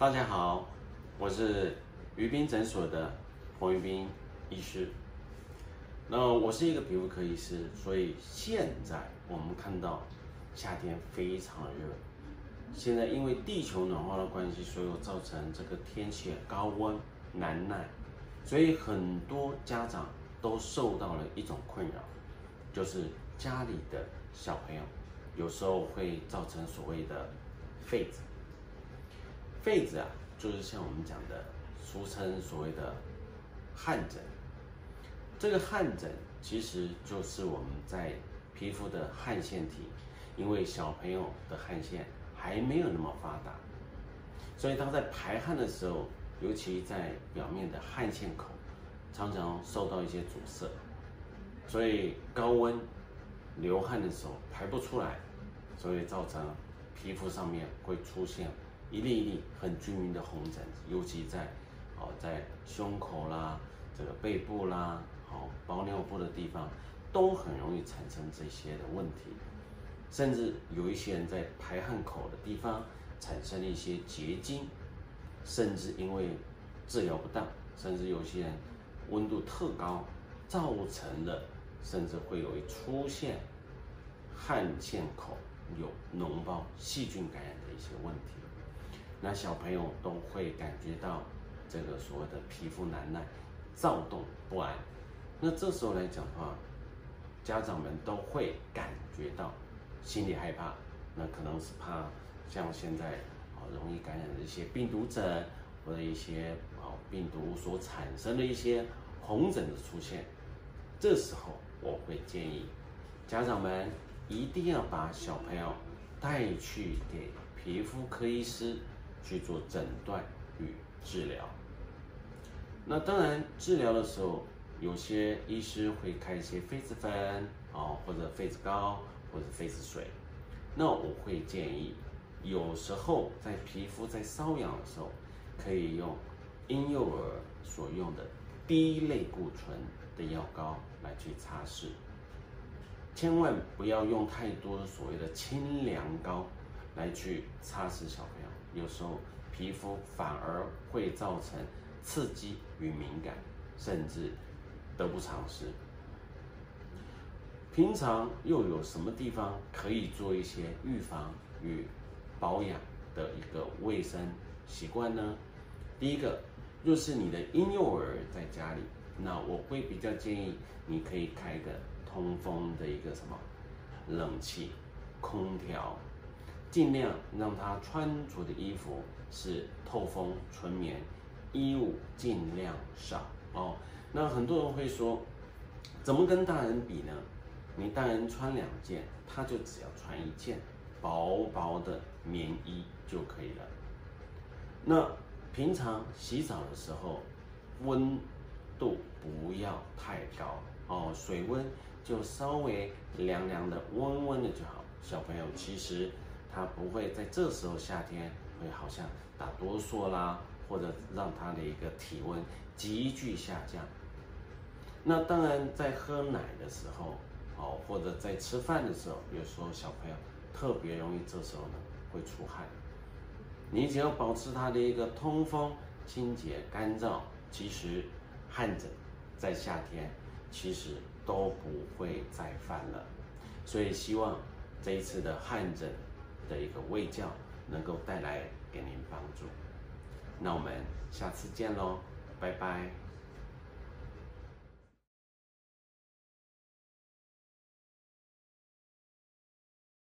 大家好，我是於斌診所的彭玉斌醫師。那我是一個皮膚科醫師，所以現在我們看到夏天非常熱。現在因為地球暖化的關係，所以造成這個天氣高溫難耐，所以很多家長都受到了一種困擾，就是家裡的小朋友有時候會造成所謂的痱子。痱子啊，就是像我們講的，俗稱所謂的汗疹。這個汗疹其實就是我們在皮膚的汗腺體，因為小朋友的汗腺還沒有那麼發達，所以他在排汗的時候，尤其在表面的汗腺口，常常受到一些阻塞，所以高溫流汗的時候排不出來，所以造成皮膚上面會出現。一粒一粒很均勻的紅疹子，尤其在，哦、呃，在胸口啦，這個背部啦，好、呃、包尿布的地方，都很容易產生這些的問題。甚至有一些人在排汗口的地方產生了一些結晶，甚至因為治療不當，甚至有些人溫度特高造成的，甚至會有一出現汗腺口有膿包、細菌感染的一些問題。那小朋友都會感覺到，這個所謂的皮膚難耐、躁動不安。那這時候來講的話，家長們都會感覺到心裡害怕。那可能是怕像現在啊、哦、容易感染的一些病毒疹，或者一些啊、哦、病毒所產生的一些紅疹的出現。這時候我會建議家長們一定要把小朋友帶去給皮膚科醫師。去做診斷與治療。那當然，治療的時候，有些醫師會開一些痱子粉啊，或者痱子膏，或者痱子水。那我會建議，有時候在皮膚在瘙癢的時候，可以用嬰幼兒所用的低類固醇的藥膏來去擦拭，千萬不要用太多的所謂的清涼膏。來去擦拭小朋友，有時候皮膚反而會造成刺激與敏感，甚至得不償失。平常又有什麼地方可以做一些預防與保養的一個衛生習慣呢？第一個，若是你的嬰幼兒在家裡，那我會比較建議你可以開個通風的一個什麼冷氣、空調。盡量讓他穿着的衣服是透風純棉，衣物盡量少哦。那很多人會說，怎麼跟大人比呢？你大人穿兩件，他就只要穿一件薄薄的棉衣就可以了。那平常洗澡的時候，溫度不要太高哦，水溫就稍微涼涼的、溫溫的就好。小朋友其實。他不會在這時候夏天會好像打哆嗦啦，或者讓他的一個體溫急劇下降。那當然，在喝奶的時候，哦，或者在吃飯的時候，有時候小朋友特別容易這時候呢會出汗。你只要保持他的一個通風、清潔、乾燥，其實汗疹在夏天其實都不會再犯了。所以希望這一次的汗疹。的一個衛教能夠帶來給您幫助，那我們下次見嘍，拜拜。